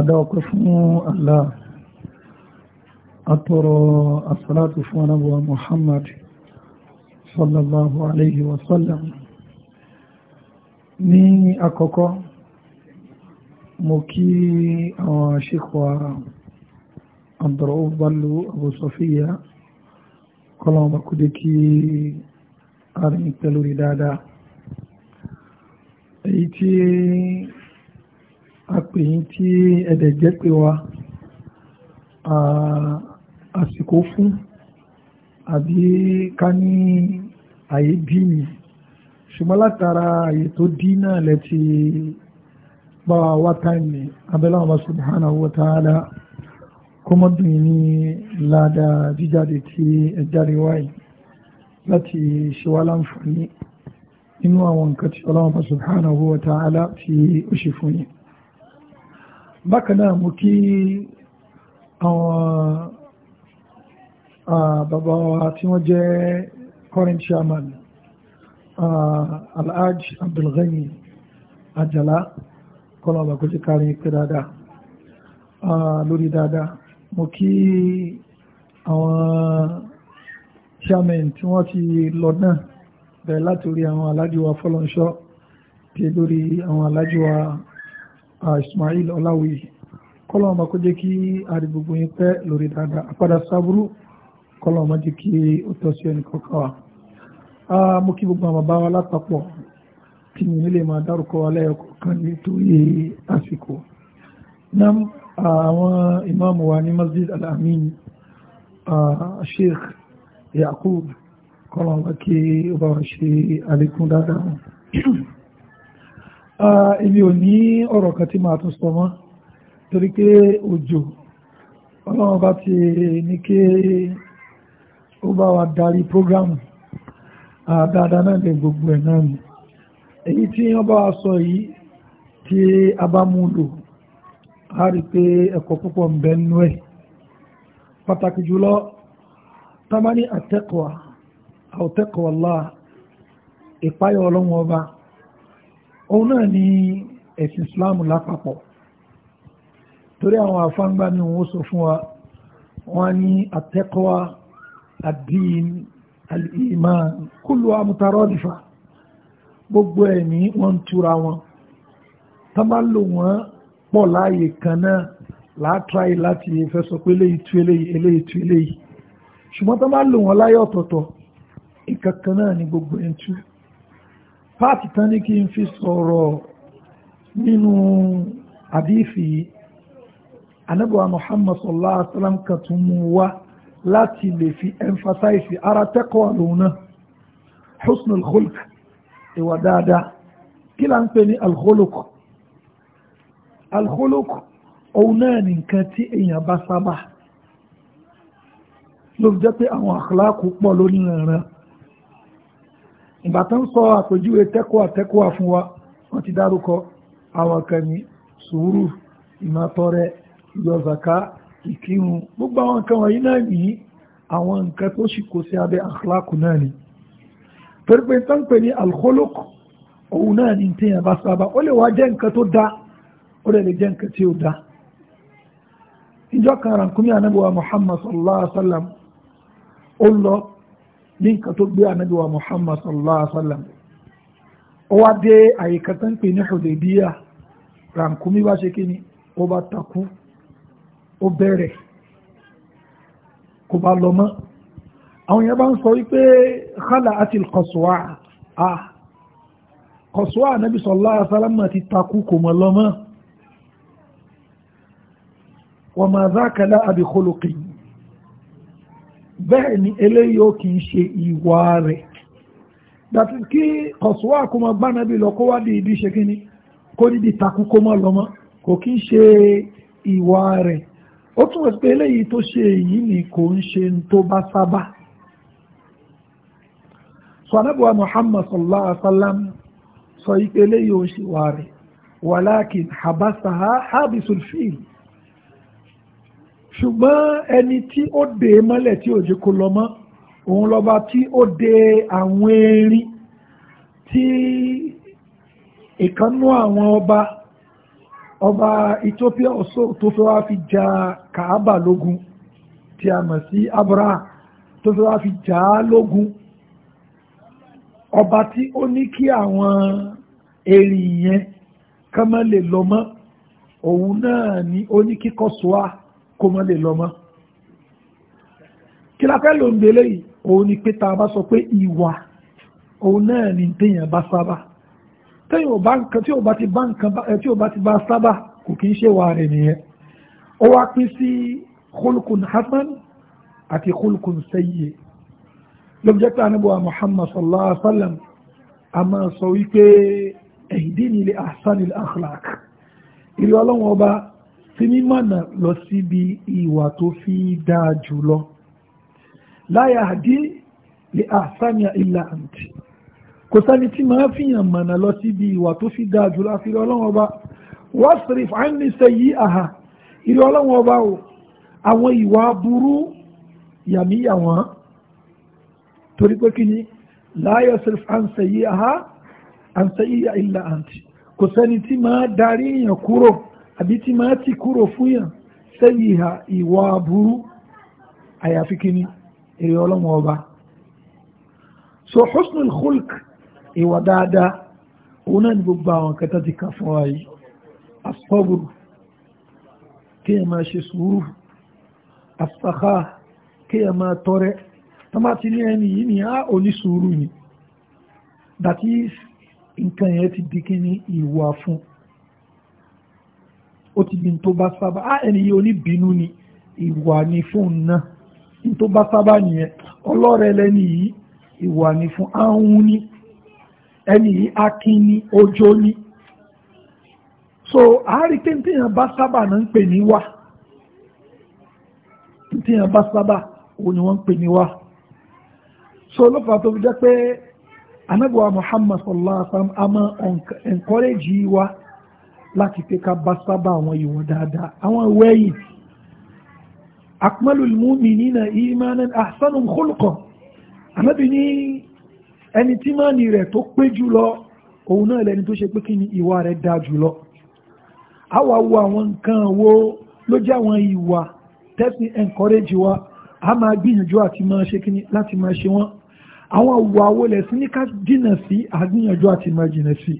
adáwọ̀kọ́ fún Allah atọ́rọ asálátù fún anábọ̀wà Muhammad sallallahu alayhi wa sallam ní àkọ́kọ́ mo kí àwọn ṣíkọ̀ Abdurrauf Bello Abu Sofiya kọlọ̀wọ̀n bakúdé kí arìnrìn pẹ̀lú rí dáadáa èyí tí apèyìn tí ẹ̀dẹ̀ jẹ́ pé wa àsìkò fún àbí ká ní àyè bí mi ṣùgbọ́n látara àyè tó dí náà lẹ bá wa wá táìmì abẹ́láwọn bá subhanahu wa ta'ala kọ́mọ́dún ní ládàá jíjáde tí ẹ̀jáde wáyé láti ṣe wá láǹfààní nínú àwọn nǹkan tí ọlọ́wọ́n bá subhanahu wa ta'ala tí ó ṣe fún yìí bákan náà mú kí àwọn bàbá wa tí wọ́n jẹ́ current chairman alhaj abdulghani ajala kọlọ̀bà kó jẹ́ kárí pé dáadáa lórí dáadáa mú kí àwọn chairman tí wọ́n ti lọ náà bẹ̀rẹ̀ láti orí àwọn alájíwá fọ́lọ́nṣọ́ tí lórí àwọn alájíwá Ismail Ọláwìyí kọ́lọ́wọ́n ma kó jẹ́ kí àdìgbogbo yín pẹ́ lórí dáadáa àpadà sábúrú kọ́lọ́wọ́n ma jẹ́ kí ó tọ́ sí ẹnì kọ́kọ́ wa. mo kí gbogbo àwọn bàbá wa kí mi nílé máa dárúkọ alẹ́yọkọ̀ kan nítorí àsìkò. nam àwọn ìmáàmù wa ní Masjid Al-Amin Sheikh Yakub kọ́lọ́wọ́n ma kí ó bá wa ṣe àlékún dáadáa. èmi ò ní ọ̀rọ̀ kan tí màá tún sọ mọ́ torí pé òjò ọlọ́run bá ti ní kí ó bá wa darí prógrámù dáadáa náà gbogbo ẹ̀ náà ni èyí tí wọ́n wa sọ yìí tí a bá mú lò a rí pé ẹ̀kọ́ púpọ̀ ń bẹ ẹ̀ pàtàkì jùlọ tamani àtẹ́kọ̀ọ́ àwọ̀tẹ́kọ̀ọ́ lá ìpáyọ̀ ọlọ́run ọba òun náà ni ẹ̀sìn islamu lápapọ̀ torí àwọn àfáǹgbá ni wọ́n sọ fún wa wọ́n ní àtẹ́kọ́wá àdín al-iman kúlù àmútarọ́dìfà gbogbo ẹ̀mí wọ́n túra wọn tán bá lò wọ́n pọ̀ láàyè kan náà látráì láti fẹ́ sọ pé eléyìí tú eléyìí eléyìí tú eléyìí ṣùgbọ́n tán lò wọ́n láyé ọ̀tọ̀ọ̀tọ̀ ìkankan náà ni gbogbo ẹ̀ ń tú pàtì tán ní kí n fi sọ̀rọ̀ nínú àdífì anábọ̀wà Muhammad sallallahu alaihi wasallam kan tún mú wá láti lè fi emphasize ara tẹ́kọ̀ọ́ àlòun náà husnul khulq ìwà dáadáa kí là ń pè ní alkhuluk alkhuluk òun náà ní nǹkan tí èèyàn bá sábà ló fi jẹ́ pé àwọn àkàlákù pọ̀ lónìí rẹ̀ ìgbà tó ń sọ àpèjúwe tẹ́kọ̀ọ́ àtẹ́kọ̀ọ́ fún wa wọ́n ti dárúkọ àwọn kan ní sùúrù ìmọ̀tọrẹ ìyọ̀zàká ìkírun gbogbo àwọn nǹkan wọ̀nyí náà ní àwọn nǹkan tó sì kó sí abẹ́ àkàlákù náà ni torí pé tán pè ní alkholok òun náà ní téèyàn bá sábà ó lè wá jẹ́ nǹkan tó dá ó lè lè jẹ́ nǹkan tí ó dá ìjọ kan rànkúmí anábíwá Muhammad sallallahu alaihi wa sallam ó lọ ní nǹkan tó gbé ànábì wa Muhammad sallallahu alaihi wa sallam ó wá dé àyíká tó ń pè ní Hudaybiya rànkúmí bá ṣe kí ni ó bá takú ó bẹ̀rẹ̀ kò bá lọ mọ́ àwọn èèyàn bá ń sọ wípé khala àti kọ̀sùwà à kọ̀sùwà ànábì sallallahu alaihi wa sallam ti takú kò mọ̀ lọ mọ́ wa ma dhaka la bẹ́ẹ̀ ni eléyìí ó kì í ṣe ìwà rẹ̀ dàtí kí ọ̀sùwà kó máa gbá nábì lọ kó wá di ìdí ṣe kí ni kó dídí takú kó má lọ́mọ́ kò kì í ṣe ìwà rẹ̀ ó túnmọ̀ sí pé eléyìí tó ṣe èyí ni kò ń ṣe tó bá sábà sọ anábùwà Muhammad sallallahu alaihi wa sallam sọ yí pé eléyìí ó ṣe ìwà rẹ̀ wàlákin habasaha habisul fi'l ṣùgbọ́n ẹni tí ó dè é mọ́lẹ̀ tí òjò kò lọ mọ́ òun lọ́ba tí ó dè àwọn erin tí ìkànnú àwọn ọba ọba Ethiopia ọ̀ṣọ́ tó fẹ́ wá fi jà Kàábà lógun tí a mọ̀ sí Abraha tó fẹ́ wá fi jà á lógun ọba tí ó ní kí àwọn erin yẹn kán má lè lọ mọ́ òun náà ni ó ní kíkọ́ sọ́ọ́ kó mọ́ lè lọ mọ́ kí la fẹ́ ló ń belé yìí òun ni pé tá a bá sọ pé ìwà òun náà ni téèyàn bá sábà téèyàn bá nǹkan tí ò bá ti bá nǹkan eh, tí ò bá ti bá sábà kò kí ń ṣe wà rẹ̀ nìyẹn ó wá pín sí khulukun hasan àti khulukun sayyi ló pé anábọ̀wá muhammad sallallahu sallam a máa sọ wípé ihdini li ahsanil akhlaq ìlú ọlọ́wọ́n ọba fi mímọ̀nà lọ síbi ìwà tó fi dáa jù lọ láyà àdí lè àsáníà ilà àǹtì kò sani tí máa fi hàn mọ̀nà lọ síbi ìwà tó fi dáa jù lọ àfi ọlọ́wọ́n ọba wasrif anni sayyi'aha ìrẹ́ ọlọ́wọ́n ọba o àwọn ìwà burú yàmíyà wọ́n torí pé kí ni láyà sirif an sayyi'aha an sayyi'a àǹtì kò sani tí máa darí yàn kúrò àbí tí máa ti kúrò fún yàn sẹ́yìn ìhà ìwà aburú àyàfi kíní èrè ọlọ́mọ ọba so husnul khulq ìwà dáadáa òun náà ni gbogbo àwọn kẹta ti kà fún wa yìí asọ́bùrù kí ẹ máa ṣe sùúrù asàkà kí ẹ máa tọrẹ tọ́mátì ní ẹni yìí ni á òní sùúrù ni that is nǹkan yẹn ti di kíní ìwà fún un ó ti di ní tó bá sábà á ẹni yìí oníbínú ni ìwà ni fún náà ní tó bá sábà nìyẹn ọlọ́rẹ̀ lẹ́ni yìí ìwà ni fún ahun ni ẹni yìí akin ni ojó ni so àárí pé tíyàn bá sábà náà ń pè ní wà tíyàn bá sábà òun ni wọ́n ń pè ní wà so lọ́fà tó fi jẹ́ pé anábọ̀wá Muhammad sallallahu alaihi wa sallam a máa encourage wa láti pé ká bá sábà àwọn ìwọ̀ dáadáa àwọn ìwọ̀ ẹ̀yìn akmalul mu'minina imanan ahsanum khuluqan ànábì ní ẹni tí máa ní rẹ̀ tó pé jùlọ òun náà lẹni tó ṣe pé kí ni ìwà rẹ̀ dáa jùlọ a wà wo àwọn nǹkan wo ló jẹ́ àwọn ìwà tẹ́sí encourage wa a máa gbìyànjú àti máa ṣe kíni láti máa ṣe wọ́n àwọn ìwà wo lẹ̀sìn ní ká jìnà sí àgbìyànjú àti máa jìnà sí i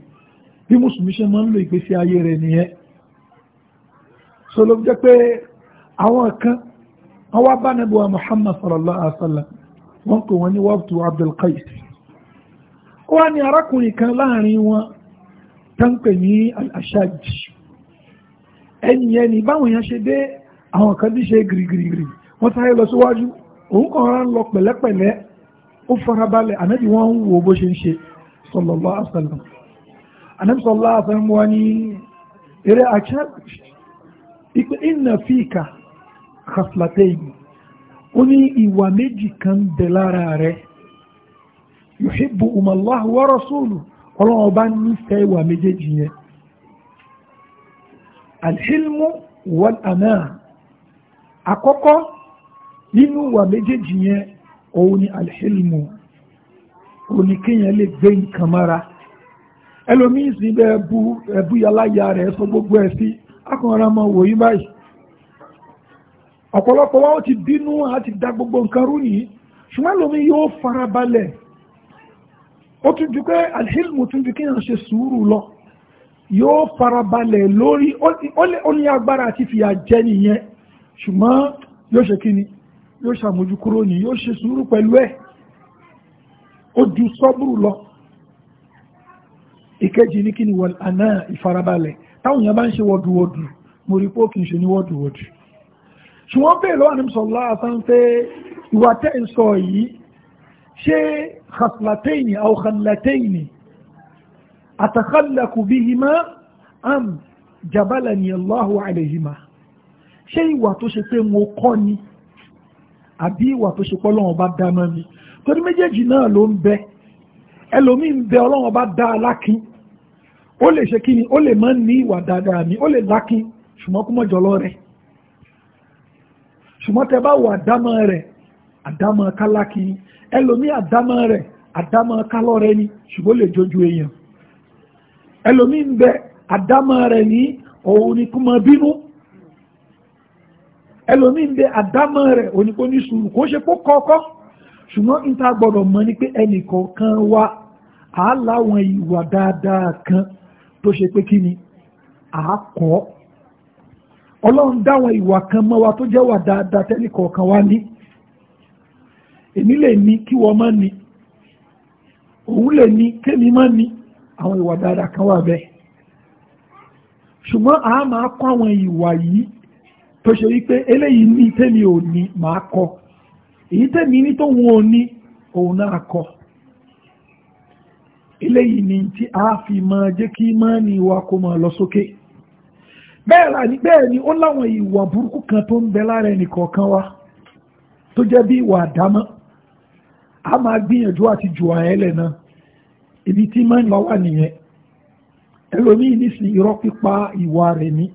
bí mùsùlùmí ṣe máa ń lo ìgbésí ayé rẹ̀ nìyẹn so ló jẹ́ pé àwọn kan wọ́n wá bá Ànábì wa Muhammad sallallahu alaihi wa sallam wọ́n kò wọ́n ní wabtu Abdul Qais ó wá ní arákùnrin kan láàrin wọn tánpẹ̀ ní al-Ashaj ẹnìyẹn ní báwọn èèyàn ṣe dé àwọn kan ti ṣe gìrìgìrì wọ́n sáré lọ síwájú òun kàn rán lọ pẹ̀lẹ́pẹ̀lẹ́ ó farabalẹ̀ Ànábì wọ́n ń wo bó ṣe ń ṣe sallallahu alaihi wa sallam anẹ́bùsọ̀lá àfẹ́mọ́ ní eré àṣẹ́ ìpé ìnà fíìkà khaslatayn ó ní ìwà méjì kan bẹ̀ lára rẹ̀ yuhibbu umallahu wa rasulu ọlọ́wọ́ bá nífẹ̀ẹ́ ìwà méjèèjì yẹn alhilmu wal amana àkọ́kọ́ nínú ìwà méjèèjì yẹn òun ni alhilmu òun ni kéèyàn lè gbé nǹkan ẹlòmíì sì bẹ ẹbú ẹbú yàláyà rẹ̀ sọ gbogbo ẹ̀ sí akọ̀ọ̀rọ̀ ọmọ wòyí báyìí ọ̀pọ̀lọpọ̀ wa ó ti bínú àti da gbogbo nǹkan rú nìyí ṣùgbọ́n ẹlòmíì yóò farabalẹ̀ ó tún ju pé alhilmu tún ju kéèyàn ṣe sùúrù lọ yóò farabalẹ̀ lórí ó ní agbára àti fìyà jẹ nìyẹn ṣùgbọ́n yóò ṣe kíni yóò ṣàmójúkúrò ní yóò ṣe sùúrù pẹ̀lú ẹ̀ ó ju sọ́bùrù lọ ìkejì ní kí ni wọ́n àná ìfarabalẹ̀ táwọn èèyàn bá ń ṣe wọ́dùwọ́dù mo rí pé ó kì í ṣe ní wọ́dùwọ́dù ṣùgbọ́n bẹ́ẹ̀ lọ́wọ́ àní sọ̀lá àtàn pé ìwà tẹ́ ń sọ yìí ṣé khaslateini aw khallateini àtàkàlàkù bihima am jabalani Allahu alayhima ṣé ìwà tó ṣe pé mo kọ́ ni àbí ìwà tó ṣe pọ́lọ́wọ́n bá ń bẹ ẹlòmíín bẹ ọlọ́wọ́n bá ó lè ṣe kí ni ó lè máa ní ìwà dáadáa mi ó lè lákín ṣùgbọ́n kó mọ́jọ lọ ṣùgbọ́n tẹ bá wo àdámọ́ rẹ̀ àdámọ́ ni ẹlòmí àdámọ́ rẹ̀ àdámọ́ elomi rẹ̀ ni ṣùgbọ́n ni kó elomi bínú ẹlòmí ń bẹ àdámọ́ rẹ̀ òun ni ní sùúrù kó ṣe kó kọ́kọ́ wa àá láwọn kan tó ṣe pé kí ni àákọ́ ọlọ́run dáwọn ìwà kan mọ́ wa tó jẹ́ wà dáadáa kọ̀ọ̀kan wá ní èmi lè ní kí wọ́n má ní òun lè ní kémi má ni àwọn ìwà dáadáa kan wà bẹ́ẹ̀ ṣùgbọ́n àá máa kọ́ àwọn ìwà yìí tó ṣe wípé eléyìí ní tẹ́mi ò ní máa kọ, èyí tẹ́mi ní tó wọn ò ní òun náà kọ́ eléyìí ni tí a fi máa jẹ́ kí ìmánì wa kó máa lọ sókè bẹ́ẹ̀ là bẹ́ẹ̀ ni ó láwọn ìwà burúkú kan tó ń bẹ lára ẹnì kọ̀ọ̀kan wa tó jẹ́ bí ìwà àdámọ́ a máa gbìyànjú àti jù àẹ́lẹ̀ náà ibi tí ìmánì wa wà nìyẹn Elomi nísìn irọ́ pípa ìwà rẹ̀ ni.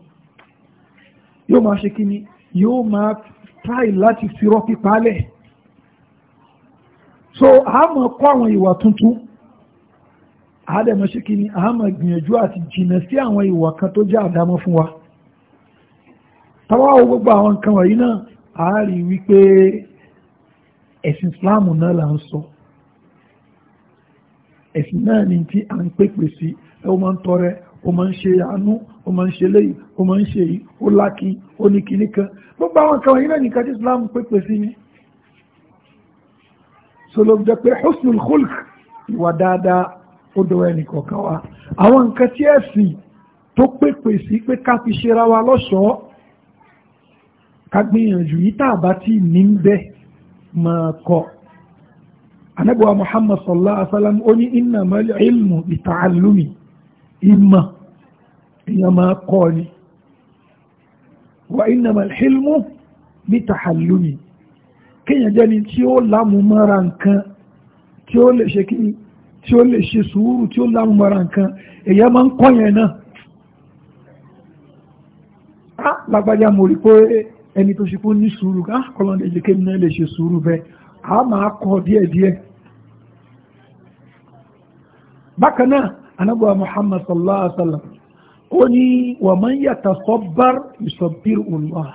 yóò máa ṣe kí ni yóò máa tráì láti fi irọ́ pípa lẹ̀ so a máa kọ́ àwọn ìwà tuntun àádẹ́mọ̀ ṣe kí ni àmọ̀ gbìyànjú àti jìnà sí àwọn ìwà kan tó jẹ́ àdámọ́ fún wa tàwà gbogbo àwọn nǹkan wọ̀nyí náà a rí wípé ẹ̀sìn islamu náà là ń sọ ẹ̀sìn náà ni tí a ń pèpè sí ẹ o máa ń tọrẹ o máa ń ṣe àánú o máa ń ṣe léyìí o máa ń ṣe yìí o lákì o ní kíní kan gbogbo àwọn nǹkan wọ̀nyí náà nìkan tí islamu pèpè sí ni sọlọ́gbẹ́ pé husnul khulq ìwà dáadáa ó dọ̀wọ́ ẹnì kọ̀ọ̀kan wa àwọn nǹkan tí ẹ̀sìn tó pèpè sí pé ká fi ṣera wa lọ́ṣọ̀ọ́ ká gbìyànjú yìí tá a bá ti ní ń bẹ́ máa kọ́ anabuwa muhammad sallallahu alaihi wa sallam ó ní innamal ilmu bita'allumi ìmọ̀ èèyàn máa kọ́ ni wa innamal hilmu bitahallumi kéèyàn jẹ́ni tí ó lámú mọ́ra nǹkan tí ó lè ṣe kí ni tí ó lè ṣe sùúrù tí ó lámùmọ́ra nǹkan èyí máa ń kọ́ yẹn náà á ah, lágbájá mo rí pé ẹni tó ṣe kó ní sùúrù á ah, kọ́lọ́n lè jẹ́ náà lè ṣe sùúrù bẹ́ẹ̀ á máa kọ́ díẹ̀díẹ̀ bákan náà anábọ̀ Muhammad sallallahu alaihi wa sallam ó ní wa man yatasabbar yusabbiru Allah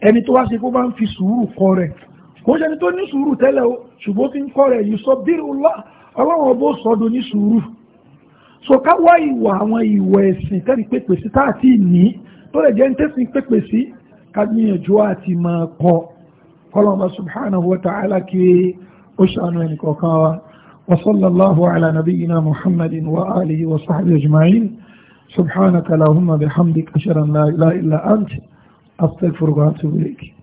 ẹni tó wá ṣe kó bá ń fi sùúrù kọ́ rẹ̀ kò ń ṣe ẹni tó ní sùúrù tẹ́lẹ̀ o ṣùgbọ́n fi ń kọ́ rẹ̀ yusabbiru Allah ọlọ́wọ́n bó sọ́dún ní sùúrù so ká wá ìwà àwọn ìwà ẹ̀sìn kẹ́rì pépè sí tá àti ní tó lè jẹ́ ń tẹ́sìn pépè sí ká gbìyànjú àti máa kọ kọlọ́mọ subhanahu wa ta'ala kí ó ṣàánú ẹnì kọ̀ọ̀kan wa wa ala nabiyyina muhammadin wa alihi wa sahbihi ajma'in subhanaka lahumma bihamdika ashhadu la ilaha illa anta astaghfiruka atubu ilayk